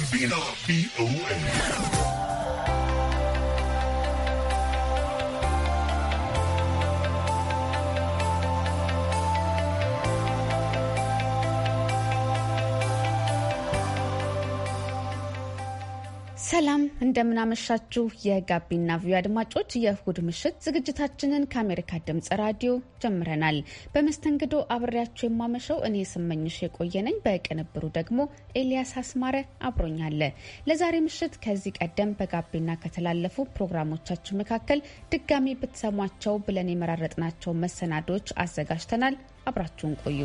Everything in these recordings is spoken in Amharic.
Be Bambino, B-O-A. እንደምናመሻችሁ የጋቢና ቪዮ አድማጮች የእሁድ ምሽት ዝግጅታችንን ከአሜሪካ ድምጽ ራዲዮ ጀምረናል። በመስተንግዶ አብሬያችሁ የማመሸው እኔ ስመኝሽ የቆየነኝ፣ በቅንብሩ ደግሞ ኤልያስ አስማረ አብሮኛለ። ለዛሬ ምሽት ከዚህ ቀደም በጋቢና ከተላለፉ ፕሮግራሞቻችን መካከል ድጋሚ ብትሰሟቸው ብለን የመራረጥናቸው መሰናዶች አዘጋጅተናል። አብራችሁን ቆዩ።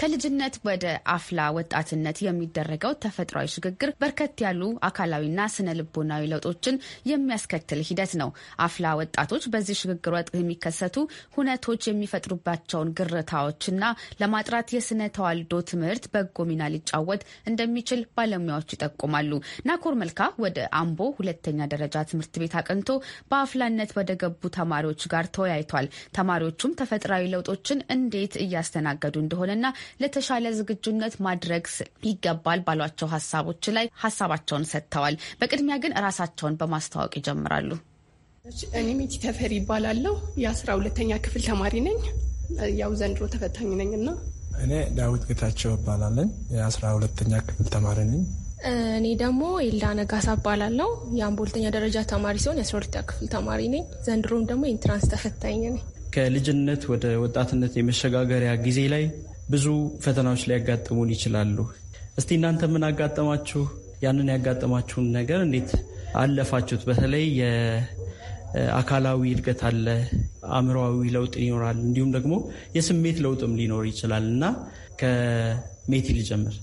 ከልጅነት ወደ አፍላ ወጣትነት የሚደረገው ተፈጥሯዊ ሽግግር በርከት ያሉ አካላዊና ስነ ልቦናዊ ለውጦችን የሚያስከትል ሂደት ነው። አፍላ ወጣቶች በዚህ ሽግግር ወቅት የሚከሰቱ ሁነቶች የሚፈጥሩባቸውን ግርታዎችና ለማጥራት የስነ ተዋልዶ ትምህርት በጎ ሚና ሊጫወት እንደሚችል ባለሙያዎች ይጠቁማሉ። ናኮር መልካ ወደ አምቦ ሁለተኛ ደረጃ ትምህርት ቤት አቅንቶ በአፍላነት ወደ ገቡ ተማሪዎች ጋር ተወያይቷል። ተማሪዎቹም ተፈጥሯዊ ለውጦችን እንዴት እያስተናገዱ እንደሆነና ለተሻለ ዝግጁነት ማድረግ ይገባል ባሏቸው ሀሳቦች ላይ ሀሳባቸውን ሰጥተዋል። በቅድሚያ ግን ራሳቸውን በማስተዋወቅ ይጀምራሉ። እኔ ሚቲ ተፈሪ ይባላለሁ። የአስራ ሁለተኛ ክፍል ተማሪ ነኝ። ያው ዘንድሮ ተፈታኝ ነኝ እና እኔ ዳዊት ጌታቸው እባላለሁ። የአስራ ሁለተኛ ክፍል ተማሪ ነኝ። እኔ ደግሞ ኤልዳ ነጋሳ እባላለሁ። የአምቦ ሁለተኛ ደረጃ ተማሪ ሲሆን የአስራ ሁለተኛ ክፍል ተማሪ ነኝ። ዘንድሮም ደግሞ ኢንትራንስ ተፈታኝ ነኝ። ከልጅነት ወደ ወጣትነት የመሸጋገሪያ ጊዜ ላይ ብዙ ፈተናዎች ሊያጋጥሙን ይችላሉ። እስቲ እናንተ ምን አጋጠማችሁ? ያንን ያጋጠማችሁን ነገር እንዴት አለፋችሁት? በተለይ የአካላዊ እድገት አለ፣ አእምሮዊ ለውጥ ይኖራል፣ እንዲሁም ደግሞ የስሜት ለውጥም ሊኖር ይችላል እና ከሜቲ ልጀምር።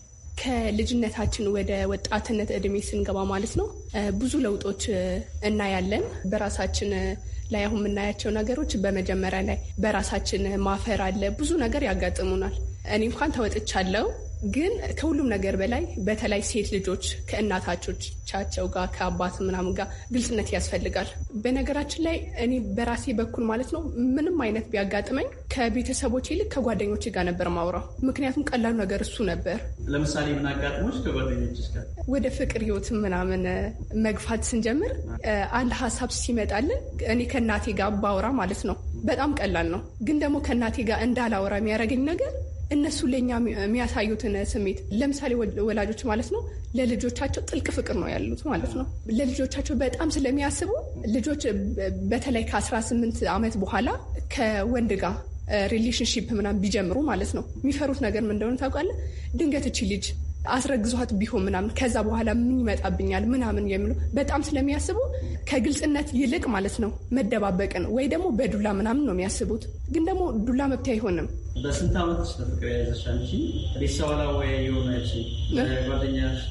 ከልጅነታችን ወደ ወጣትነት እድሜ ስንገባ ማለት ነው ብዙ ለውጦች እናያለን በራሳችን ላይ አሁን የምናያቸው ነገሮች በመጀመሪያ ላይ በራሳችን ማፈር አለ። ብዙ ነገር ያጋጥሙናል። እኔ እንኳን ተወጥቻለሁ። ግን ከሁሉም ነገር በላይ በተለይ ሴት ልጆች ከእናታቻቸው ጋር ከአባት ምናምን ጋር ግልጽነት ያስፈልጋል። በነገራችን ላይ እኔ በራሴ በኩል ማለት ነው ምንም አይነት ቢያጋጥመኝ ከቤተሰቦች ይልቅ ከጓደኞች ጋር ነበር ማውራው። ምክንያቱም ቀላሉ ነገር እሱ ነበር። ለምሳሌ ምን አጋጥሞች ከጓደኞች ጋር ወደ ፍቅር ህይወት ምናምን መግፋት ስንጀምር አንድ ሀሳብ ሲመጣልን እኔ ከእናቴ ጋር ባውራ ማለት ነው በጣም ቀላል ነው። ግን ደግሞ ከእናቴ ጋር እንዳላውራ የሚያደርገኝ ነገር እነሱ ለእኛ የሚያሳዩትን ስሜት ለምሳሌ ወላጆች ማለት ነው ለልጆቻቸው ጥልቅ ፍቅር ነው ያሉት ማለት ነው። ለልጆቻቸው በጣም ስለሚያስቡ ልጆች በተለይ ከ18 ዓመት በኋላ ከወንድ ጋር ሪሌሽንሽፕ ምናምን ቢጀምሩ ማለት ነው የሚፈሩት ነገር ምን እንደሆነ ታውቃለህ? ድንገት እቺ ልጅ አስረግዟት ቢሆን ምናምን ከዛ በኋላ ምን ይመጣብኛል ምናምን የሚሉ በጣም ስለሚያስቡ ከግልጽነት ይልቅ ማለት ነው መደባበቅን ወይ ደግሞ በዱላ ምናምን ነው የሚያስቡት። ግን ደግሞ ዱላ መብት አይሆንም። በስንት ዓመት ውስጥ ፍቅር የያዘሽ አንቺ ቤተሰብ አላወያየ የሆነች ጓደኛሽ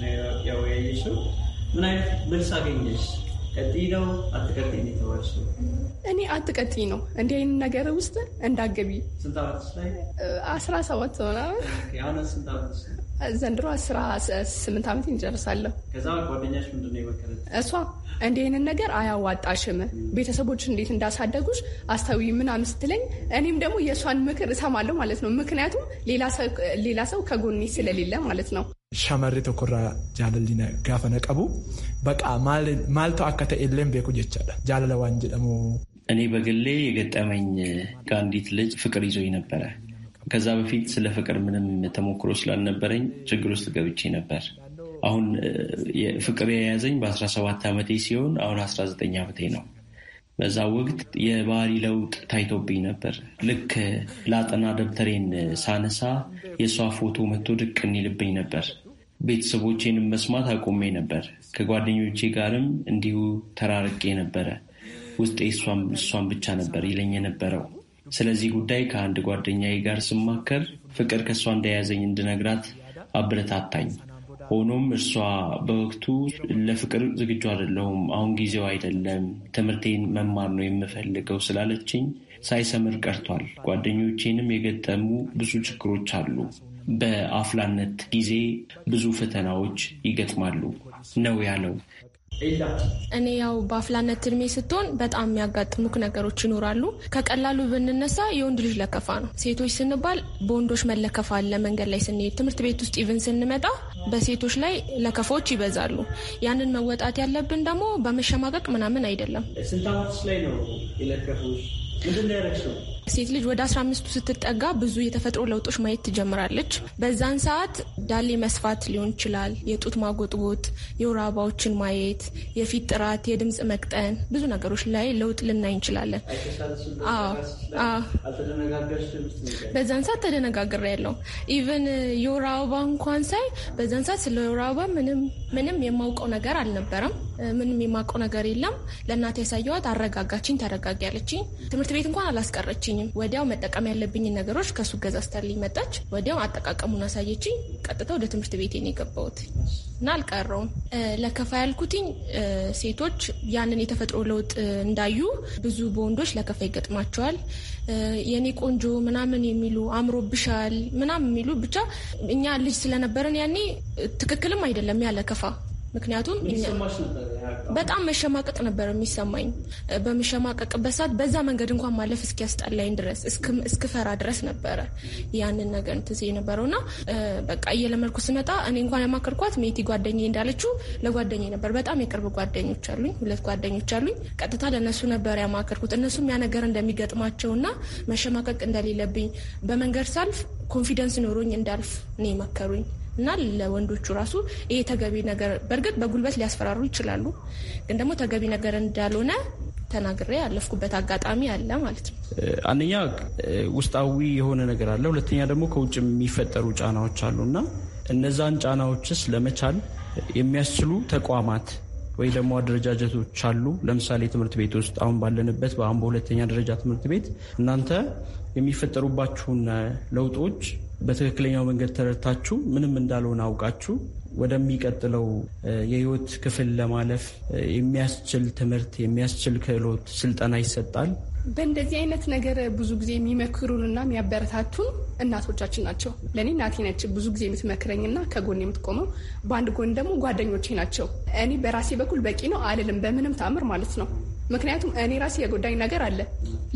ያወያየሽው ምን አይነት መልስ አገኘሽ? ቀጥይ ነው አትቀጥይ የተባለሽ እኔ አትቀጥይ ነው እንዲህ አይነት ነገር ውስጥ እንዳገቢ ስንት ዓመት ላይ አስራ ሰባት ሆና ስንት ዓመት ዘንድሮ አስራ ስምንት ዓመት እንጨርሳለሁ። እሷ እንዲህ ይህንን ነገር አያዋጣሽም፣ ቤተሰቦች እንዴት እንዳሳደጉሽ አስተዊ ምናምን ስትለኝ እኔም ደግሞ የእሷን ምክር እሰማለሁ ማለት ነው። ምክንያቱም ሌላ ሰው ከጎኔ ስለሌለ ማለት ነው። ሸመሪ ተኮራ ጃለሊነ ጋፈ ነቀቡ በቃ maaltu አካተ ta'e ቤኩ ጀቻለ jechaadha jaalala እኔ በግሌ የገጠመኝ ከአንዲት ልጅ ፍቅር ይዞኝ ነበረ ከዛ በፊት ስለ ፍቅር ምንም ተሞክሮ ስላልነበረኝ ችግር ውስጥ ገብቼ ነበር። አሁን ፍቅር የያዘኝ በ17 ዓመቴ ሲሆን አሁን 19 ዓመቴ ነው። በዛ ወቅት የባህሪ ለውጥ ታይቶብኝ ነበር። ልክ ላጠና ደብተሬን ሳነሳ የእሷ ፎቶ መጥቶ ድቅ እንይልብኝ ነበር። ቤተሰቦቼንም መስማት አቆሜ ነበር። ከጓደኞቼ ጋርም እንዲሁ ተራርቄ ነበረ። ውስጤ እሷን ብቻ ነበር ይለኝ የነበረው። ስለዚህ ጉዳይ ከአንድ ጓደኛዬ ጋር ስማከር ፍቅር ከእሷ እንደያዘኝ እንድነግራት አበረታታኝ። ሆኖም እርሷ በወቅቱ ለፍቅር ዝግጁ አይደለሁም፣ አሁን ጊዜው አይደለም፣ ትምህርቴን መማር ነው የምፈልገው ስላለችኝ ሳይሰምር ቀርቷል። ጓደኞቼንም የገጠሙ ብዙ ችግሮች አሉ። በአፍላነት ጊዜ ብዙ ፈተናዎች ይገጥማሉ ነው ያለው። እኔ ያው በአፍላነት እድሜ ስትሆን በጣም የሚያጋጥሙክ ነገሮች ይኖራሉ። ከቀላሉ ብንነሳ የወንድ ልጅ ለከፋ ነው። ሴቶች ስንባል በወንዶች መለከፋ አለ። መንገድ ላይ ስንሄድ፣ ትምህርት ቤት ውስጥ ኢቭን ስንመጣ በሴቶች ላይ ለከፋዎች ይበዛሉ። ያንን መወጣት ያለብን ደግሞ በመሸማቀቅ ምናምን አይደለም። ስንት ላይ ነው የለከፉሽ? ምንድን ነው ሴት ልጅ ወደ 15ቱ ስትጠጋ ብዙ የተፈጥሮ ለውጦች ማየት ትጀምራለች። በዛን ሰዓት ዳሌ መስፋት ሊሆን ይችላል፣ የጡት ማጎጥጎጥ፣ የወር አበባዎችን ማየት፣ የፊት ጥራት፣ የድምፅ መቅጠን፣ ብዙ ነገሮች ላይ ለውጥ ልናይ እንችላለን። በዛን ሰዓት ተደነጋግሬ ያለው ኢቨን የወር አበባ እንኳን ሳይ በዛን ሰዓት ስለ የወር አበባ ምንም የማውቀው ነገር አልነበረም። ምንም የማውቀው ነገር የለም። ለእናት ያሳየዋት አረጋጋችኝ፣ ተረጋጊ ያለችኝ። ትምህርት ቤት እንኳን አላስቀረችኝ አልሰጠችኝም። ወዲያው መጠቀም ያለብኝን ነገሮች ከሱ ገዛ ስታልኝ መጣች። ወዲያው አጠቃቀሙን አሳየችኝ። ቀጥታ ወደ ትምህርት ቤቴ ነው የገባሁት እና አልቀረውም። ለከፋ ያልኩትኝ ሴቶች ያንን የተፈጥሮ ለውጥ እንዳዩ ብዙ በወንዶች ለከፋ ይገጥማቸዋል። የኔ ቆንጆ ምናምን የሚሉ አምሮብሻል ምናምን የሚሉ ብቻ እኛ ልጅ ስለነበረን ያኔ ትክክልም አይደለም ያለ ምክንያቱም በጣም መሸማቀቅ ነበር የሚሰማኝ። በምሸማቀቅበት ሰዓት በዛ መንገድ እንኳን ማለፍ እስኪያስጠላኝ ድረስ እስክፈራ ድረስ ነበረ ያንን ነገር ትዜ የነበረው እና በቃ እየለመድኩ ስመጣ እኔ እንኳን ያማከርኳት ሜቲ ጓደኛ እንዳለችው ለጓደኛ ነበር። በጣም የቅርብ ጓደኞች አሉኝ፣ ሁለት ጓደኞች አሉኝ። ቀጥታ ለእነሱ ነበር ያማከርኩት። እነሱም ያ ነገር እንደሚገጥማቸውና መሸማቀቅ እንደሌለብኝ በመንገድ ሳልፍ ኮንፊደንስ ኖሮኝ እንዳልፍ እኔ መከሩኝ። እና ለወንዶቹ ራሱ ይሄ ተገቢ ነገር በእርግጥ በጉልበት ሊያስፈራሩ ይችላሉ፣ ግን ደግሞ ተገቢ ነገር እንዳልሆነ ተናግሬ ያለፍኩበት አጋጣሚ አለ ማለት ነው። አንደኛ ውስጣዊ የሆነ ነገር አለ፣ ሁለተኛ ደግሞ ከውጭ የሚፈጠሩ ጫናዎች አሉ እና እነዛን ጫናዎችስ ለመቻል የሚያስችሉ ተቋማት ወይ ደግሞ አደረጃጀቶች አሉ። ለምሳሌ ትምህርት ቤት ውስጥ አሁን ባለንበት በአምቦ ሁለተኛ ደረጃ ትምህርት ቤት እናንተ የሚፈጠሩባችሁን ለውጦች በትክክለኛው መንገድ ተረድታችሁ ምንም እንዳልሆነ አውቃችሁ ወደሚቀጥለው የህይወት ክፍል ለማለፍ የሚያስችል ትምህርት የሚያስችል ክህሎት ስልጠና ይሰጣል። በእንደዚህ አይነት ነገር ብዙ ጊዜ የሚመክሩንና የሚያበረታቱን እናቶቻችን ናቸው። ለእኔ እናቴ ነች ብዙ ጊዜ የምትመክረኝና ከጎን የምትቆመው፣ በአንድ ጎን ደግሞ ጓደኞቼ ናቸው። እኔ በራሴ በኩል በቂ ነው አልልም፣ በምንም ታምር ማለት ነው። ምክንያቱም እኔ ራሴ የጎዳኝ ነገር አለ።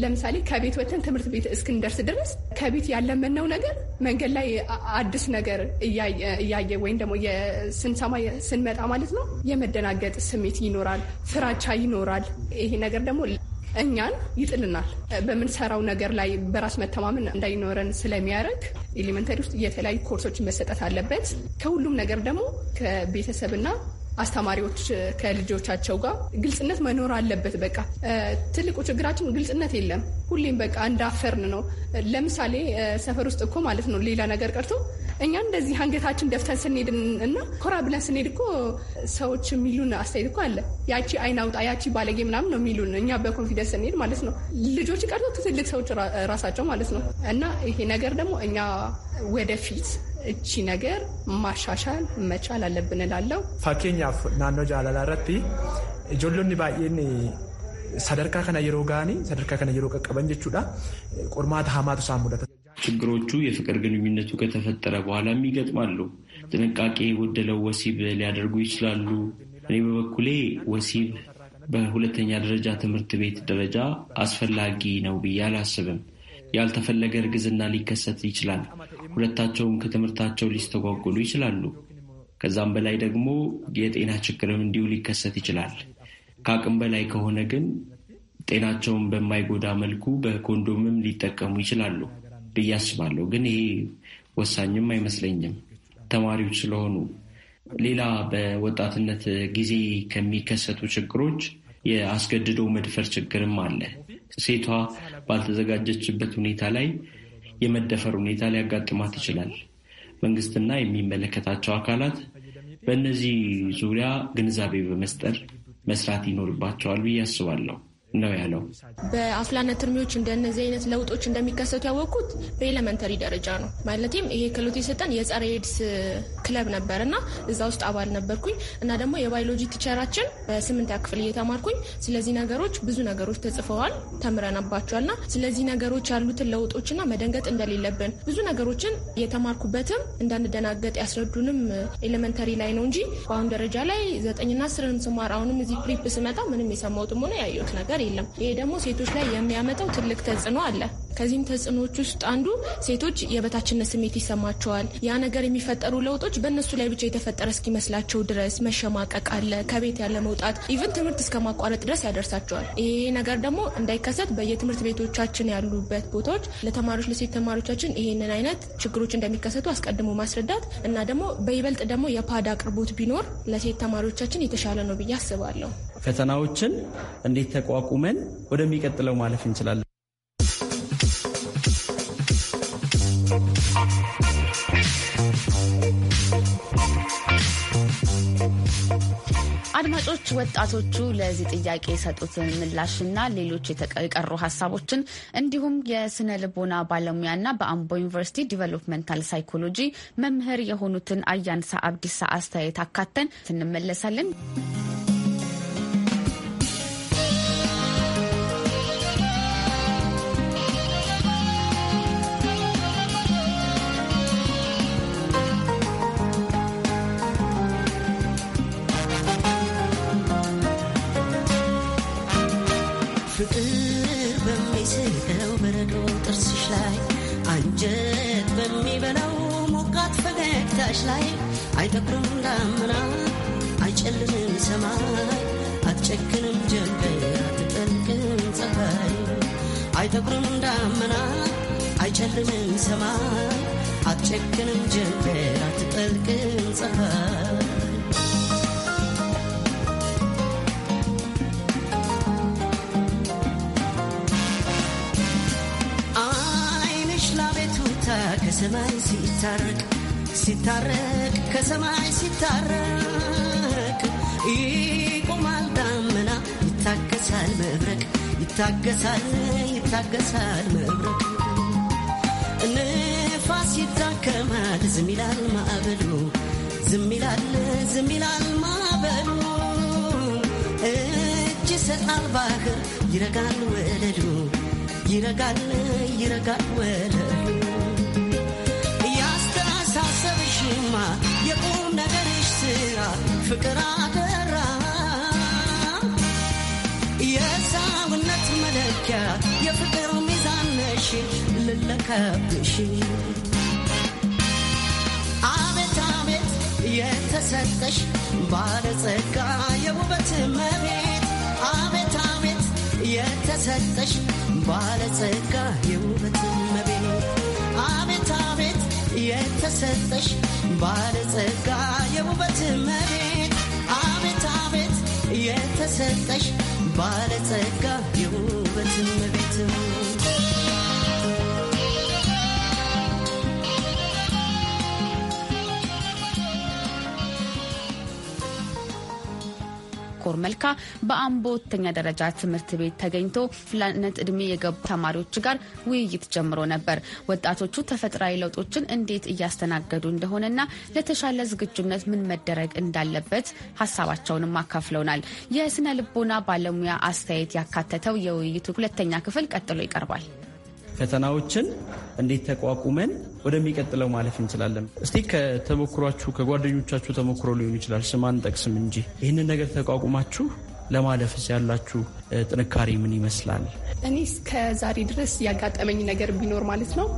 ለምሳሌ ከቤት ወተን ትምህርት ቤት እስክንደርስ ድረስ ከቤት ያለመነው ነገር መንገድ ላይ አዲስ ነገር እያየ ወይም ደግሞ ስንሰማ ስንመጣ ማለት ነው የመደናገጥ ስሜት ይኖራል፣ ፍራቻ ይኖራል። ይሄ ነገር ደግሞ እኛን ይጥልናል። በምንሰራው ነገር ላይ በራስ መተማመን እንዳይኖረን ስለሚያደርግ ኤሊመንተሪ ውስጥ የተለያዩ ኮርሶች መሰጠት አለበት። ከሁሉም ነገር ደግሞ ከቤተሰብና አስተማሪዎች ከልጆቻቸው ጋር ግልጽነት መኖር አለበት። በቃ ትልቁ ችግራችን ግልጽነት የለም። ሁሌም በቃ እንዳፈርን ነው። ለምሳሌ ሰፈር ውስጥ እኮ ማለት ነው ሌላ ነገር ቀርቶ እኛ እንደዚህ አንገታችን ደፍተን ስንሄድ እና ኮራ ብለን ስንሄድ እኮ ሰዎች የሚሉን አስተያየት እኮ አለ። ያቺ አይን አውጣ፣ ያቺ ባለጌ ምናምን ነው የሚሉን እኛ በኮንፊደንስ ስንሄድ ማለት ነው። ልጆች ቀርቶ ትልቅ ሰዎች ራሳቸው ማለት ነው። እና ይሄ ነገር ደግሞ እኛ ወደፊት እቺ ነገር ማሻሻል መቻል አለብን እላለሁ። ፋኬኛፍ ናኖ ጃላላ ጆሎኒ ባኤን ሰደርካ ከነ የሮ ጋኒ ሰደርካ ከነ የሮ ቀቀበን ጀቹዳ ቆርማት ሀማቱ ሳሙለተ ችግሮቹ የፍቅር ግንኙነቱ ከተፈጠረ በኋላም ይገጥማሉ። ጥንቃቄ የጎደለው ወሲብ ሊያደርጉ ይችላሉ። እኔ በበኩሌ ወሲብ በሁለተኛ ደረጃ ትምህርት ቤት ደረጃ አስፈላጊ ነው ብዬ አላስብም። ያልተፈለገ እርግዝና ሊከሰት ይችላል። ሁለታቸውም ከትምህርታቸው ሊስተጓጉሉ ይችላሉ። ከዛም በላይ ደግሞ የጤና ችግርም እንዲሁ ሊከሰት ይችላል። ከአቅም በላይ ከሆነ ግን ጤናቸውን በማይጎዳ መልኩ በኮንዶምም ሊጠቀሙ ይችላሉ ብዬ አስባለሁ። ግን ይሄ ወሳኝም አይመስለኝም ተማሪዎች ስለሆኑ። ሌላ በወጣትነት ጊዜ ከሚከሰቱ ችግሮች የአስገድዶ መድፈር ችግርም አለ። ሴቷ ባልተዘጋጀችበት ሁኔታ ላይ የመደፈር ሁኔታ ሊያጋጥማት ይችላል። መንግስትና የሚመለከታቸው አካላት በእነዚህ ዙሪያ ግንዛቤ በመስጠት መስራት ይኖርባቸዋል ብዬ አስባለሁ። ነው ያለው። በአፍላነት እርሜዎች እንደነዚህ አይነት ለውጦች እንደሚከሰቱ ያወቅኩት በኤሌመንተሪ ደረጃ ነው። ማለትም ይሄ ክሎት የሰጠን የጸረ ኤድስ ክለብ ነበር እና እዛ ውስጥ አባል ነበርኩኝ እና ደግሞ የባዮሎጂ ቲቸራችን በስምንት ክፍል እየተማርኩኝ ስለዚህ ነገሮች ብዙ ነገሮች ተጽፈዋል፣ ተምረናባቸዋል እና ስለዚህ ነገሮች ያሉትን ለውጦችና መደንገጥ እንደሌለብን ብዙ ነገሮችን የተማርኩበትም እንዳንደናገጥ ያስረዱንም ኤሌመንተሪ ላይ ነው እንጂ በአሁን ደረጃ ላይ ዘጠኝና አስርንም ስማር አሁንም እዚህ ፕሪፕ ስመጣ ምንም የሰማሁትም ሆነ ያየሁት ነገር ነገር የለም። ይሄ ደግሞ ሴቶች ላይ የሚያመጣው ትልቅ ተጽዕኖ አለ። ከዚህም ተጽዕኖዎች ውስጥ አንዱ ሴቶች የበታችነት ስሜት ይሰማቸዋል። ያ ነገር የሚፈጠሩ ለውጦች በእነሱ ላይ ብቻ የተፈጠረ እስኪመስላቸው ድረስ መሸማቀቅ አለ። ከቤት ያለ መውጣት ኢቨን ትምህርት እስከ ማቋረጥ ድረስ ያደርሳቸዋል። ይሄ ነገር ደግሞ እንዳይከሰት በየትምህርት ቤቶቻችን ያሉበት ቦታዎች ለተማሪዎች ለሴት ተማሪዎቻችን ይሄንን አይነት ችግሮች እንደሚከሰቱ አስቀድሞ ማስረዳት እና ደግሞ በይበልጥ ደግሞ የፓድ አቅርቦት ቢኖር ለሴት ተማሪዎቻችን የተሻለ ነው ብዬ አስባለሁ። ፈተናዎችን እንዴት ተቋቁመን ወደሚቀጥለው ማለፍ እንችላለን? ወጣቶቹ ለዚህ ጥያቄ የሰጡትን ምላሽና ሌሎች የቀሩ ሀሳቦችን እንዲሁም የስነ ልቦና ባለሙያና በአምቦ ዩኒቨርሲቲ ዲቨሎፕመንታል ሳይኮሎጂ መምህር የሆኑትን አያንሳ አብዲሳ አስተያየት አካተን እንመለሳለን። ፍቅር በሚስቀው በረዶ ጥርስሽ ላይ አንጀት በሚበላው ሞቃት ፈገግታሽ ላይ አይጠቁርም ዳመና አይጨልምም ሰማይ አትጨክንም ጀንበር አትጠልቅም ፀሐይ አይጠቁርም ዳመና አይጨልምም ሰማይ አትጨክንም ጀንበር አትጠልቅም ፀሐይ ከሰማይ ሲታረቅ ሲታረቅ ከሰማይ ሲታረቅ ይቆማል ዳመና ይታገሳል መብረቅ ይታገሳል ይታገሳል መብረቅ ንፋስ ይታከማል ዝም ይላል ማዕበሉ ዝም ይላል ዝም ይላል ማዕበሉ እጅ ይሰጣል ባህር ይረጋል ወለሉ ይረጋል ይረጋል ወለሉ ማ የቁም ነገርሽ ስራ ፍቅር አደራ የሰውነት መለኪያ የፍቅር ሚዛን ነሽ ልለከብሽ አቤት አቤት የተሰጠሽ ባለጸጋ የውበት መቤት አቤት አቤት የተሰጠሽ ባለጸጋ የውበት መቤት የተሰጠሽ ባለጸጋ የውበት መሬት አቤት አቤት የተሰጠሽ ባለጸጋ የውበት መቤት መልካ በአምቦ ሁለተኛ ደረጃ ትምህርት ቤት ተገኝቶ ፍላነት እድሜ የገቡ ተማሪዎች ጋር ውይይት ጀምሮ ነበር። ወጣቶቹ ተፈጥሯዊ ለውጦችን እንዴት እያስተናገዱ እንደሆነና ለተሻለ ዝግጁነት ምን መደረግ እንዳለበት ሀሳባቸውንም አካፍለውናል። የስነ ልቦና ባለሙያ አስተያየት ያካተተው የውይይቱ ሁለተኛ ክፍል ቀጥሎ ይቀርባል። ፈተናዎችን እንዴት ተቋቁመን ወደሚቀጥለው ማለፍ እንችላለን። እስቲ ከተሞክሯችሁ ከጓደኞቻችሁ ተሞክሮ ሊሆን ይችላል፣ ስም አንጠቅስም እንጂ ይህንን ነገር ተቋቁማችሁ ለማለፍስ ያላችሁ ጥንካሬ ምን ይመስላል? እኔ እስከ ዛሬ ድረስ ያጋጠመኝ ነገር ቢኖር ማለት ነው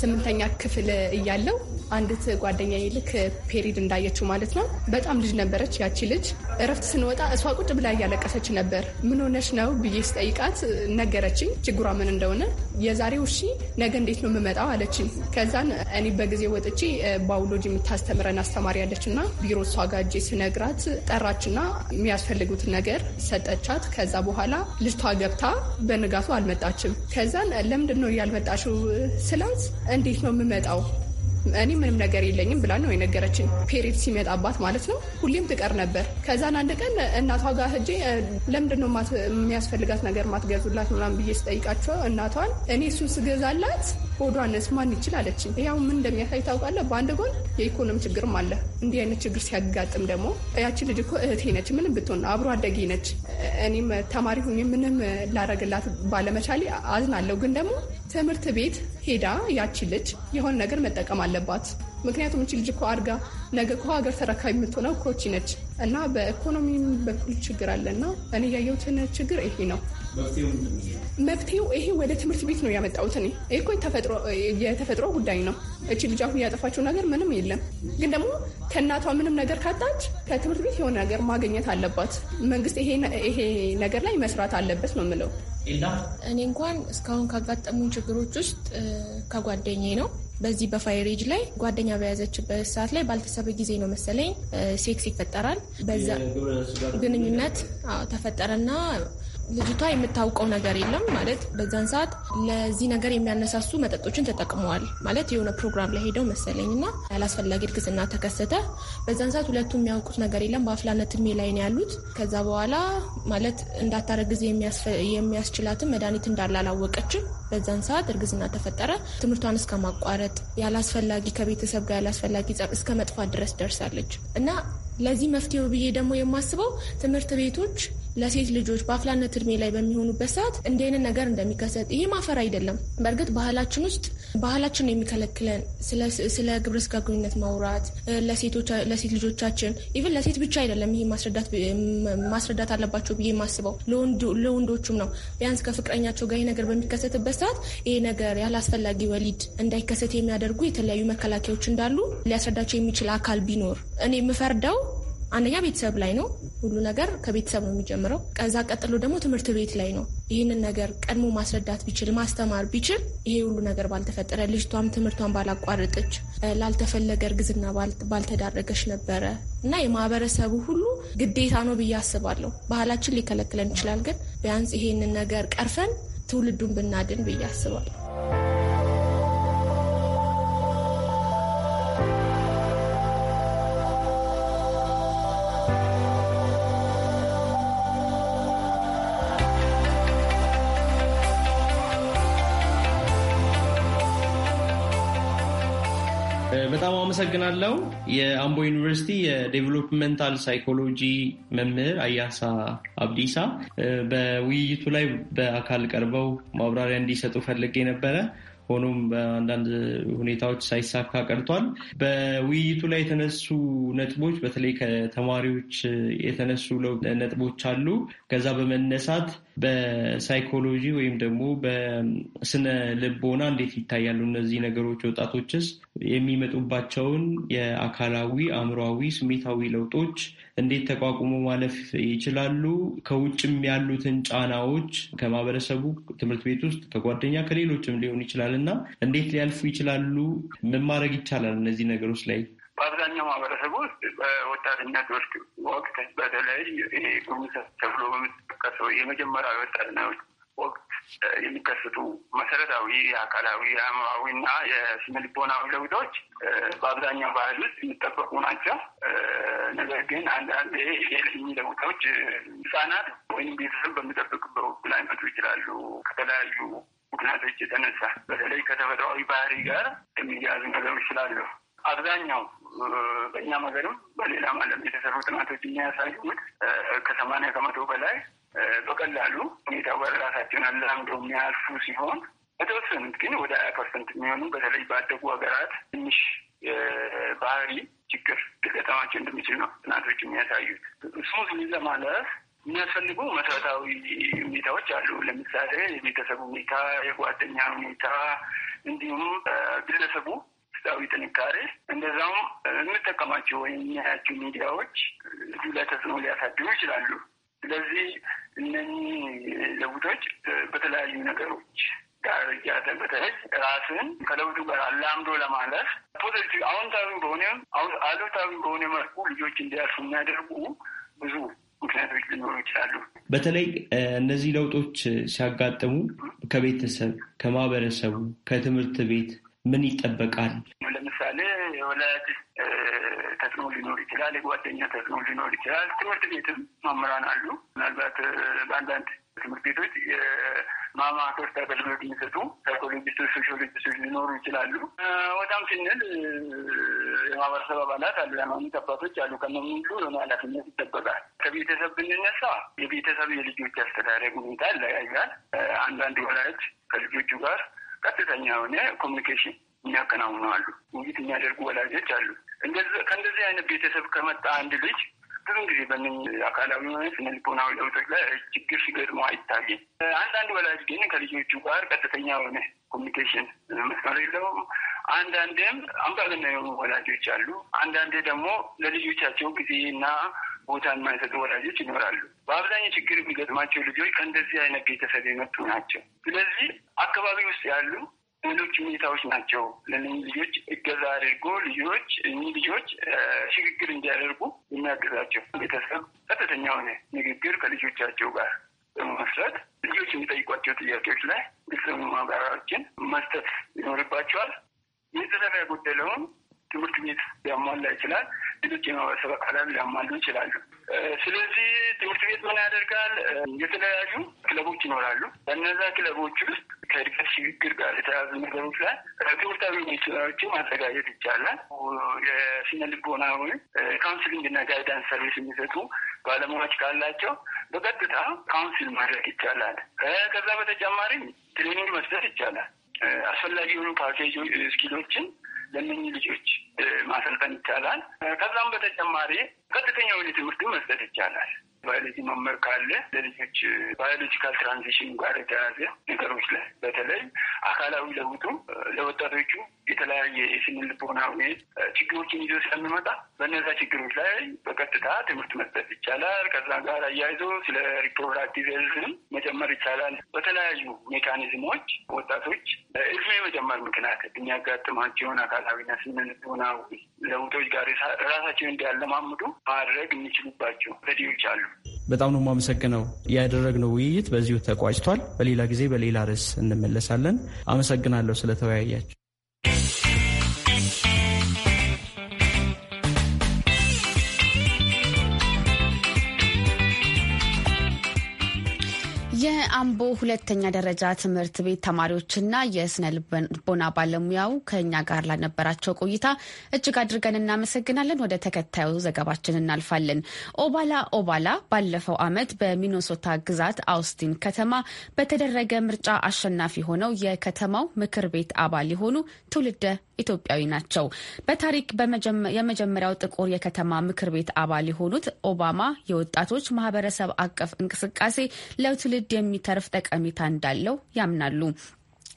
ስምንተኛ ክፍል እያለው አንዲት ጓደኛ ልክ ፔሪድ እንዳየችው ማለት ነው በጣም ልጅ ነበረች። ያቺ ልጅ እረፍት ስንወጣ እሷ ቁጭ ብላ እያለቀሰች ነበር። ምን ነው ብዬ ስጠይቃት ነገረችኝ ችግሯ ምን እንደሆነ። የዛሬው እሺ ነገ እንዴት ነው የምመጣው አለችኝ። ከዛን እኔ በጊዜ ወጥቼ ባዮሎጂ የምታስተምረን አስተማሪ ያለች እና ቢሮ እሷ ጋር ሂጄ ስነግራት ጠራችና የሚያስፈልጉትን ነገር ሰጠቻት። ከዛ በኋላ ልጅቷ ገብታ በንጋቱ አልመጣችም። ከዛን ለምንድን ነው ያልመጣችው ስላት እንዴት ነው የምመጣው እኔ ምንም ነገር የለኝም ብላ ነው የነገረችን። ፔሬድ ሲመጣባት ማለት ነው ሁሌም ትቀር ነበር። ከዛን አንድ ቀን እናቷ ጋር ሄጄ ለምንድን የሚያስፈልጋት ነገር ማትገዙላት ምናምን ብዬ ስጠይቃቸው እናቷን እኔ እሱን ስገዛላት ሆዷንስ ማን ይችል አለችኝ። ያው ምን እንደሚያሳይ ታውቃለህ። በአንድ ጎን የኢኮኖሚ ችግርም አለ። እንዲህ አይነት ችግር ሲያጋጥም ደግሞ ያችን ልጅ እኮ እህቴ ነች፣ ምንም ብትሆን አብሮ አደጌ ነች። እኔም ተማሪ ሁኜ ምንም ላረግላት ባለመቻሌ አዝናለሁ፣ ግን ደግሞ ትምህርት ቤት ሄዳ ያቺ ልጅ የሆነ ነገር መጠቀም አለባት። ምክንያቱም እቺ ልጅ እኮ አድጋ ነገ እኮ ሀገር ተረካቢ የምትሆነው ኮቺ ነች እና በኢኮኖሚም በኩል ችግር አለና እኔ ያየሁትን ችግር ይሄ ነው። መፍትሄው ይሄ ወደ ትምህርት ቤት ነው ያመጣሁት። እኔ ይሄ እኮ የተፈጥሮ ጉዳይ ነው። እቺ ልጅ አሁን ያጠፋችው ነገር ምንም የለም፣ ግን ደግሞ ከእናቷ ምንም ነገር ካጣች ከትምህርት ቤት የሆነ ነገር ማግኘት አለባት። መንግስት ይሄ ነገር ላይ መስራት አለበት ነው የምለው። እኔ እንኳን እስካሁን ካጋጠሙኝ ችግሮች ውስጥ ከጓደኜ ነው። በዚህ በፋይሬጅ ላይ ጓደኛ በያዘችበት ሰዓት ላይ ባልተሰበ ጊዜ ነው መሰለኝ ሴክስ ይፈጠራል። በዛ ግንኙነት ተፈጠረና ልጅቷ የምታውቀው ነገር የለም ማለት በዛን ሰዓት ለዚህ ነገር የሚያነሳሱ መጠጦችን ተጠቅመዋል ማለት የሆነ ፕሮግራም ላይ ሄደው መሰለኝ እና ያላስፈላጊ እርግዝና ተከሰተ። በዛን ሰዓት ሁለቱ የሚያውቁት ነገር የለም። በአፍላነት እድሜ ላይ ነው ያሉት። ከዛ በኋላ ማለት እንዳታረግዝ የሚያስችላትን መድኃኒት እንዳለ አላወቀችም። በዛን ሰዓት እርግዝና ተፈጠረ። ትምህርቷን እስከ ማቋረጥ ያላስፈላጊ ከቤተሰብ ጋር ያላስፈላጊ ጸብ እስከ መጥፋት ድረስ ደርሳለች እና ለዚህ መፍትሄው ብዬ ደግሞ የማስበው ትምህርት ቤቶች ለሴት ልጆች በአፍላነት እድሜ ላይ በሚሆኑበት ሰዓት እንዲህ አይነት ነገር እንደሚከሰት ይሄ ማፈር አይደለም። በእርግጥ ባህላችን ውስጥ ባህላችን የሚከለክለን ስለ ግብረ ስጋ ግንኙነት ማውራት ለሴት ልጆቻችን ኢቭን ለሴት ብቻ አይደለም። ይሄ ማስረዳት አለባቸው ብዬ የማስበው ለወንዶቹም ነው። ቢያንስ ከፍቅረኛቸው ጋር ይሄ ነገር በሚከሰትበት ሰዓት ይሄ ነገር ያላስፈላጊ ወሊድ እንዳይከሰት የሚያደርጉ የተለያዩ መከላከያዎች እንዳሉ ሊያስረዳቸው የሚችል አካል ቢኖር እኔ የምፈርደው አንደኛ ቤተሰብ ላይ ነው ሁሉ ነገር ከቤተሰብ ነው የሚጀምረው። ከዛ ቀጥሎ ደግሞ ትምህርት ቤት ላይ ነው። ይህንን ነገር ቀድሞ ማስረዳት ቢችል ማስተማር ቢችል ይሄ ሁሉ ነገር ባልተፈጠረ፣ ልጅቷም ትምህርቷን ባላቋረጠች፣ ላልተፈለገ እርግዝና ባልተዳረገች ነበረ እና የማህበረሰቡ ሁሉ ግዴታ ነው ብዬ አስባለሁ። ባህላችን ሊከለክለን ይችላል፣ ግን ቢያንስ ይሄንን ነገር ቀርፈን ትውልዱን ብናድን ብዬ አስባለሁ። በጣም አመሰግናለሁ። የአምቦ ዩኒቨርሲቲ የዴቨሎፕመንታል ሳይኮሎጂ መምህር አያሳ አብዲሳ በውይይቱ ላይ በአካል ቀርበው ማብራሪያ እንዲሰጡ ፈልጌ ነበረ። ሆኖም በአንዳንድ ሁኔታዎች ሳይሳካ ቀርቷል። በውይይቱ ላይ የተነሱ ነጥቦች በተለይ ከተማሪዎች የተነሱ ነጥቦች አሉ። ከዛ በመነሳት በሳይኮሎጂ ወይም ደግሞ በስነ ልቦና እንዴት ይታያሉ እነዚህ ነገሮች? ወጣቶችስ የሚመጡባቸውን የአካላዊ፣ አእምሯዊ፣ ስሜታዊ ለውጦች እንዴት ተቋቁሞ ማለፍ ይችላሉ? ከውጭም ያሉትን ጫናዎች ከማህበረሰቡ፣ ትምህርት ቤት ውስጥ፣ ከጓደኛ ከሌሎችም ሊሆን ይችላል እና እንዴት ሊያልፉ ይችላሉ? ምን ማድረግ ይቻላል እነዚህ ነገሮች ላይ? በአብዛኛው ማህበረሰብ ውስጥ በወጣትነት ወቅት በተለይ ተብሎ በምትጠቀሰው የመጀመሪያ ወጣትነት ወቅት የሚከሰቱ መሰረታዊ የአካላዊ የአእምሯዊ እና የስነልቦናዊ ለውጦች በአብዛኛው ባህል ውስጥ የሚጠበቁ ናቸው። ነገር ግን አንዳንድ የልኝ ለውጦች ህጻናት ወይም ቤተሰብ በሚጠብቅበት በኩል ይችላሉ ከተለያዩ ምክንያቶች የተነሳ በተለይ ከተፈጥሯዊ ባህሪ ጋር የሚያያዙ ነገሮች ስላሉ አብዛኛው በእኛም ሀገርም በሌላም ዓለም የተሰሩ ጥናቶች የሚያሳዩት ከሰማንያ ከመቶ በላይ በቀላሉ ሁኔታ ጋር ራሳቸውን አላምደው የሚያልፉ ሲሆን በተወሰኑት ግን ወደ ሀያ ፐርሰንት የሚሆኑ በተለይ ባደጉ ሀገራት ትንሽ የባህሪ ችግር ሊገጠማቸው እንደሚችል ነው ጥናቶች የሚያሳዩት። ስሙዝሊ ለማለፍ የሚያስፈልጉ መሰረታዊ ሁኔታዎች አሉ። ለምሳሌ የቤተሰቡ ሁኔታ፣ የጓደኛ ሁኔታ እንዲሁም ግለሰቡ ስታዊ ጥንካሬ፣ እንደዛውም የምጠቀማቸው ወይም የሚያያቸው ሚዲያዎች ልጁ ላይ ተጽዕኖ ሊያሳድሩ ይችላሉ። ስለዚህ እነኚህ ለውጦች በተለያዩ ነገሮች ጋር እያለ በተለይ ራስን ከለውጡ ጋር አላምዶ ለማለፍ ፖዘቲቭ አዎንታዊ በሆነ አሉታዊ በሆነ መልኩ ልጆች እንዲያርሱ የሚያደርጉ ብዙ ምክንያቶች ሊኖሩ ይችላሉ። በተለይ እነዚህ ለውጦች ሲያጋጥሙ ከቤተሰብ፣ ከማህበረሰቡ፣ ከትምህርት ቤት ምን ይጠበቃል? ለምሳሌ የወላጅ ተጽዕኖ ሊኖር ይችላል። የጓደኛ ተጽዕኖ ሊኖር ይችላል። ትምህርት ቤትም መምህራን አሉ። ምናልባት በአንዳንድ ትምህርት ቤቶች ሶስት አገልግሎት የሚሰጡ ሳይኮሎጂስቶች፣ ሶሽሎጂስቶች ሊኖሩ ይችላሉ። ወጣም ስንል የማህበረሰብ አባላት አሉ፣ የሃይማኖት አባቶች አሉ። ከነም ሁሉ የሆነ ኃላፊነት ይጠበቃል። ከቤተሰብ ብንነሳ የቤተሰብ የልጆች አስተዳደግ ሁኔታ ይለያያል። አንዳንድ ወላጅ ከልጆቹ ጋር ቀጥተኛ የሆነ ኮሚኒኬሽን የሚያከናውኑ አሉ። ውይይት የሚያደርጉ ወላጆች አሉ። ከእንደዚህ አይነት ቤተሰብ ከመጣ አንድ ልጅ ብዙ ጊዜ በምን አካላዊ ሆነ ስነ ለውጦች ላይ ችግር ሲገጥሞ አይታይም። አንዳንድ ወላጅ ግን ከልጆቹ ጋር ቀጥተኛ የሆነ ኮሚኒኬሽን መስመር የለውም። አንዳንዴም አምባገነን የሆኑ ወላጆች አሉ። አንዳንዴ ደግሞ ለልጆቻቸው ጊዜና ቦታ የማይሰጡ ወላጆች ይኖራሉ። በአብዛኛው ችግር የሚገጥማቸው ልጆች ከእንደዚህ አይነት ቤተሰብ የመጡ ናቸው። ስለዚህ አካባቢ ውስጥ ያሉ ሌሎች ሁኔታዎች ናቸው ለእነዚህ ልጆች እገዛ አድርጎ ልጆች እኚህ ልጆች ሽግግር እንዲያደርጉ የሚያገዛቸው ቤተሰብ ቀጥተኛ የሆነ ንግግር ከልጆቻቸው ጋር በመመስረት ልጆች የሚጠይቋቸው ጥያቄዎች ላይ ግልጽ ማብራሪያዎችን መስጠት ይኖርባቸዋል። ቤተሰብ ያጎደለውን ትምህርት ቤት ሊያሟላ ይችላል። ሌሎች የማህበረሰብ አካላት ሊያሟሉ ይችላሉ። ስለዚህ ትምህርት ቤት ምን ያደርጋል? የተለያዩ ክለቦች ይኖራሉ። በእነዛ ክለቦች ውስጥ ከእድገት ሽግግር ጋር የተያዙ ነገሮች ላይ ትምህርታዊ ሚስራዎችን ማዘጋጀት ይቻላል። የስነ ልቦና ወይም ካውንስሊንግ እና ጋይዳንስ ሰርቪስ የሚሰጡ ባለሙያዎች ካላቸው በቀጥታ ካውንስል ማድረግ ይቻላል። ከዛ በተጨማሪም ትሬኒንግ መስጠት ይቻላል። አስፈላጊ የሆኑ ፓኬጅ ስኪሎችን ለእነኚህ ልጆች ማሰልጠን ይቻላል። ከዛም በተጨማሪ ቀጥተኛውን የትምህርት መስጠት ይቻላል። ባዮሎጂ መመር ካለ ለልጆች ባዮሎጂካል ትራንዚሽን ጋር የተያያዘ ነገሮች ላይ በተለይ አካላዊ ለውጡ ለወጣቶቹ የተለያየ የስነ ልቦናዊ ችግሮችን ይዞ ስለሚመጣ በእነዛ ችግሮች ላይ በቀጥታ ትምህርት መስጠት ይቻላል። ከዛ ጋር አያይዞ ስለ ሪፕሮዳክቲቭ ሄልዝም መጨመር ይቻላል። በተለያዩ ሜካኒዝሞች ወጣቶች እድሜ መጨመር ምክንያት የሚያጋጥማቸውን አካላዊና ስነ ልቦናዊ ለውጦች ጋር ራሳቸውን እንዲያለማምዱ ማድረግ የሚችሉባቸው ዘዴዎች አሉ። በጣም ነው የማመሰግነው። ያደረግነው ውይይት በዚሁ ተቋጭቷል። በሌላ ጊዜ በሌላ ርዕስ እንመለሳለን። አመሰግናለሁ ስለተወያያቸው። የአምቦ ሁለተኛ ደረጃ ትምህርት ቤት ተማሪዎችና የስነ ልቦና ባለሙያው ከእኛ ጋር ላነበራቸው ቆይታ እጅግ አድርገን እናመሰግናለን። ወደ ተከታዩ ዘገባችን እናልፋለን። ኦባላ ኦባላ ባለፈው ዓመት በሚኒሶታ ግዛት አውስቲን ከተማ በተደረገ ምርጫ አሸናፊ ሆነው የከተማው ምክር ቤት አባል የሆኑ ትውልደ ኢትዮጵያዊ ናቸው። በታሪክ የመጀመሪያው ጥቁር የከተማ ምክር ቤት አባል የሆኑት ኦባማ የወጣቶች ማህበረሰብ አቀፍ እንቅስቃሴ ለትውልድ የሚተ ዘርፍ ጠቀሜታ እንዳለው ያምናሉ።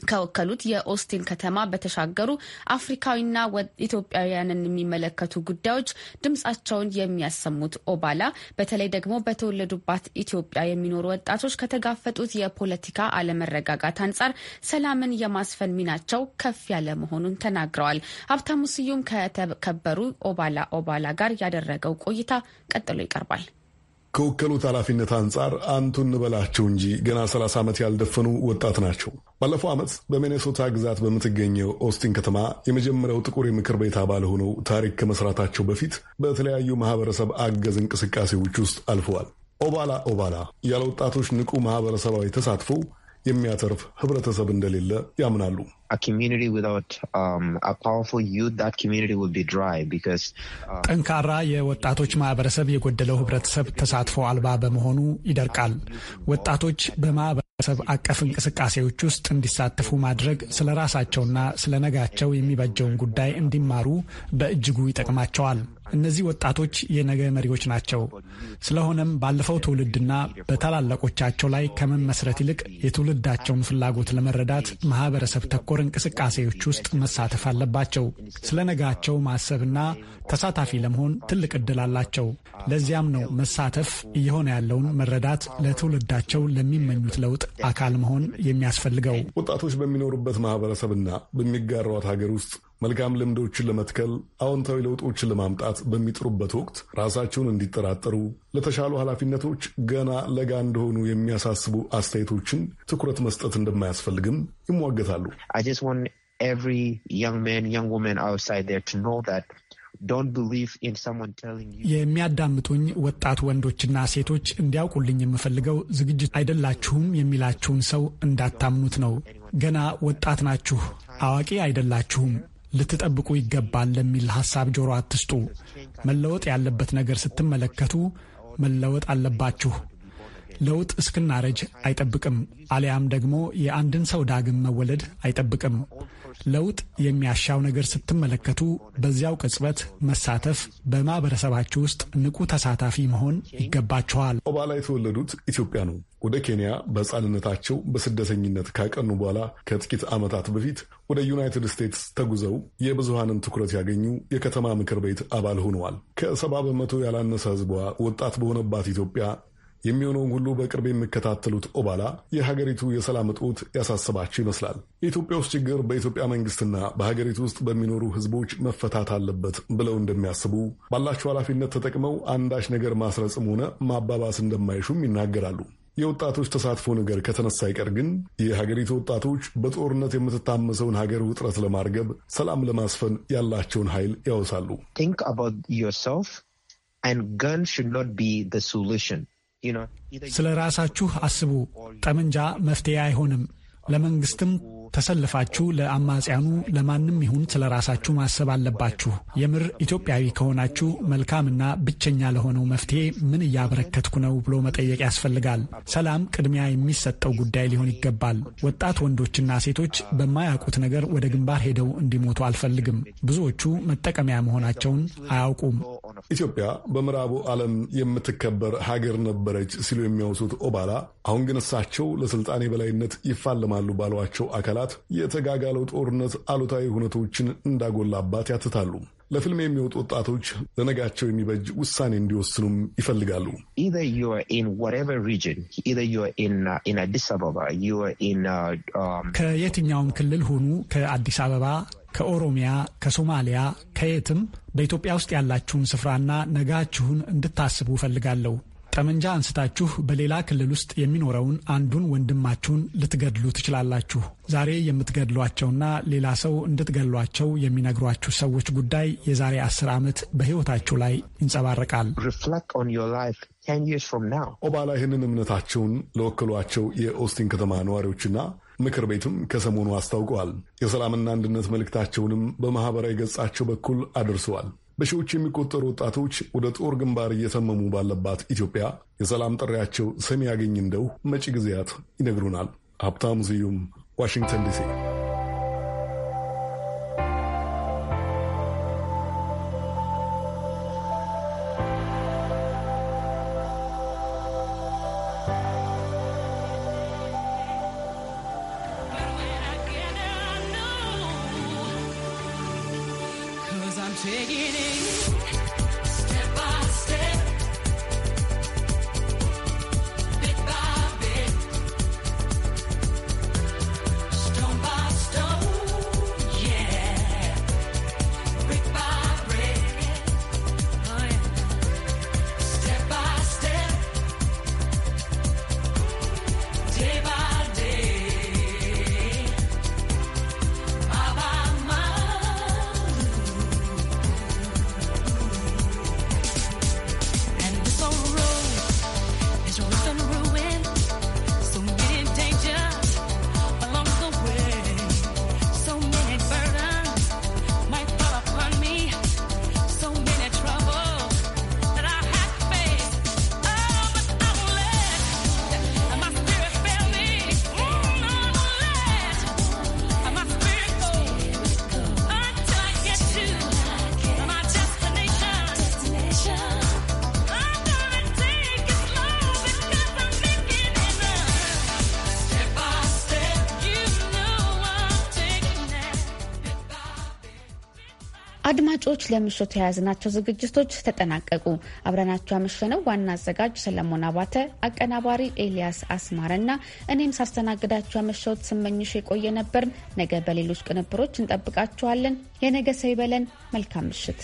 ከወከሉት የኦስቲን ከተማ በተሻገሩ አፍሪካዊና ኢትዮጵያውያንን የሚመለከቱ ጉዳዮች ድምጻቸውን የሚያሰሙት ኦባላ በተለይ ደግሞ በተወለዱባት ኢትዮጵያ የሚኖሩ ወጣቶች ከተጋፈጡት የፖለቲካ አለመረጋጋት አንጻር ሰላምን የማስፈን ሚናቸው ከፍ ያለ መሆኑን ተናግረዋል። ሀብታሙ ስዩም ከተከበሩ ኦባላ ኦባላ ጋር ያደረገው ቆይታ ቀጥሎ ይቀርባል። ከወከሉት ኃላፊነት አንጻር አንቱን እንበላቸው እንጂ ገና 30 ዓመት ያልደፈኑ ወጣት ናቸው። ባለፈው ዓመት በሚኔሶታ ግዛት በምትገኘው ኦስቲን ከተማ የመጀመሪያው ጥቁር የምክር ቤት አባል ሆነው ታሪክ ከመስራታቸው በፊት በተለያዩ ማህበረሰብ አገዝ እንቅስቃሴዎች ውስጥ አልፈዋል። ኦባላ ኦባላ ያለ ወጣቶች ንቁ ማህበረሰባዊ ተሳትፎ የሚያተርፍ ህብረተሰብ እንደሌለ ያምናሉ። ጠንካራ የወጣቶች ማህበረሰብ የጎደለው ህብረተሰብ ተሳትፎ አልባ በመሆኑ ይደርቃል። ወጣቶች በማህበረሰብ አቀፍ እንቅስቃሴዎች ውስጥ እንዲሳተፉ ማድረግ ስለ ራሳቸውና ስለ ነጋቸው የሚበጀውን ጉዳይ እንዲማሩ በእጅጉ ይጠቅማቸዋል። እነዚህ ወጣቶች የነገ መሪዎች ናቸው። ስለሆነም ባለፈው ትውልድና በታላላቆቻቸው ላይ ከመመስረት ይልቅ የትውልዳቸውን ፍላጎት ለመረዳት ማህበረሰብ ተኮር እንቅስቃሴዎች ውስጥ መሳተፍ አለባቸው። ስለ ነጋቸው ማሰብና ተሳታፊ ለመሆን ትልቅ እድል አላቸው። ለዚያም ነው መሳተፍ፣ እየሆነ ያለውን መረዳት፣ ለትውልዳቸው ለሚመኙት ለውጥ አካል መሆን የሚያስፈልገው። ወጣቶች በሚኖሩበት ማህበረሰብና በሚጋሯት ሀገር ውስጥ መልካም ልምዶችን ለመትከል አዎንታዊ ለውጦችን ለማምጣት በሚጥሩበት ወቅት ራሳቸውን እንዲጠራጠሩ፣ ለተሻሉ ኃላፊነቶች ገና ለጋ እንደሆኑ የሚያሳስቡ አስተያየቶችን ትኩረት መስጠት እንደማያስፈልግም ይሟገታሉ። የሚያዳምጡኝ ወጣት ወንዶችና ሴቶች እንዲያውቁልኝ የምፈልገው ዝግጅት አይደላችሁም የሚላችሁን ሰው እንዳታምኑት ነው። ገና ወጣት ናችሁ፣ አዋቂ አይደላችሁም። ልትጠብቁ ይገባል ለሚል ሐሳብ ጆሮ አትስጡ። መለወጥ ያለበት ነገር ስትመለከቱ መለወጥ አለባችሁ ለውጥ እስክናረጅ አይጠብቅም፣ አሊያም ደግሞ የአንድን ሰው ዳግም መወለድ አይጠብቅም። ለውጥ የሚያሻው ነገር ስትመለከቱ በዚያው ቅጽበት መሳተፍ፣ በማህበረሰባችሁ ውስጥ ንቁ ተሳታፊ መሆን ይገባችኋል። ኦባላ የተወለዱት ኢትዮጵያ ነው። ወደ ኬንያ በሕፃንነታቸው በስደተኝነት ካቀኑ በኋላ ከጥቂት ዓመታት በፊት ወደ ዩናይትድ ስቴትስ ተጉዘው የብዙሃንን ትኩረት ያገኙ የከተማ ምክር ቤት አባል ሆነዋል። ከሰባ በመቶ ያላነሰ ሕዝቧ ወጣት በሆነባት ኢትዮጵያ የሚሆነውን ሁሉ በቅርብ የሚከታተሉት ኦባላ የሀገሪቱ የሰላም እጦት ያሳስባቸው ይመስላል። የኢትዮጵያ ውስጥ ችግር በኢትዮጵያ መንግስትና በሀገሪቱ ውስጥ በሚኖሩ ህዝቦች መፈታት አለበት ብለው እንደሚያስቡ ባላቸው ኃላፊነት ተጠቅመው አንዳች ነገር ማስረጽም ሆነ ማባባስ እንደማይሹም ይናገራሉ። የወጣቶች ተሳትፎ ነገር ከተነሳ አይቀር ግን የሀገሪቱ ወጣቶች በጦርነት የምትታመሰውን ሀገር ውጥረት ለማርገብ ሰላም ለማስፈን ያላቸውን ኃይል ያወሳሉ። ስለ ራሳችሁ አስቡ። ጠመንጃ መፍትሄ አይሆንም። ለመንግስትም ተሰልፋችሁ ለአማጽያኑ ለማንም ይሁን ስለ ራሳችሁ ማሰብ አለባችሁ። የምር ኢትዮጵያዊ ከሆናችሁ መልካምና ብቸኛ ለሆነው መፍትሄ ምን እያበረከትኩ ነው ብሎ መጠየቅ ያስፈልጋል። ሰላም ቅድሚያ የሚሰጠው ጉዳይ ሊሆን ይገባል። ወጣት ወንዶችና ሴቶች በማያውቁት ነገር ወደ ግንባር ሄደው እንዲሞቱ አልፈልግም። ብዙዎቹ መጠቀሚያ መሆናቸውን አያውቁም። ኢትዮጵያ በምዕራቡ ዓለም የምትከበር ሀገር ነበረች ሲሉ የሚያወሱት ኦባላ አሁን ግን እሳቸው ለስልጣን የበላይነት ይፋለማል ይፈጽማሉ ባሏቸው አካላት የተጋጋለው ጦርነት አሉታዊ ሁነቶችን እንዳጎላባት ያትታሉ። ለፊልም የሚወጡ ወጣቶች ለነጋቸው የሚበጅ ውሳኔ እንዲወስኑም ይፈልጋሉ። uh, uh, um, ከየትኛውም ክልል ሁኑ፣ ከአዲስ አበባ፣ ከኦሮሚያ፣ ከሶማሊያ፣ ከየትም በኢትዮጵያ ውስጥ ያላችሁን ስፍራና ነጋችሁን እንድታስቡ እፈልጋለሁ። ጠመንጃ አንስታችሁ በሌላ ክልል ውስጥ የሚኖረውን አንዱን ወንድማችሁን ልትገድሉ ትችላላችሁ። ዛሬ የምትገድሏቸውና ሌላ ሰው እንድትገድሏቸው የሚነግሯችሁ ሰዎች ጉዳይ የዛሬ አስር ዓመት በሕይወታችሁ ላይ ይንጸባረቃል። ኦባላ ይህንን እምነታቸውን ለወከሏቸው የኦስቲን ከተማ ነዋሪዎችና ምክር ቤትም ከሰሞኑ አስታውቀዋል። የሰላምና አንድነት መልእክታቸውንም በማኅበራዊ ገጻቸው በኩል አድርሰዋል። በሺዎች የሚቆጠሩ ወጣቶች ወደ ጦር ግንባር እየተመሙ ባለባት ኢትዮጵያ የሰላም ጥሪያቸው ሰሚ ያገኝ እንደው መጪ ጊዜያት ይነግሩናል። ሀብታሙ ስዩም ዋሽንግተን ዲሲ አድማጮች ለምሽቱ የያዝናቸው ዝግጅቶች ተጠናቀቁ። አብረናቸው ያመሸነው ዋና አዘጋጅ ሰለሞን አባተ፣ አቀናባሪ ኤልያስ አስማረ እና እኔም ሳስተናግዳቸው ያመሸሁት ስመኝሽ የቆየ ነበርን። ነገ በሌሎች ቅንብሮች እንጠብቃችኋለን። የነገ ሰው ይበለን። መልካም ምሽት።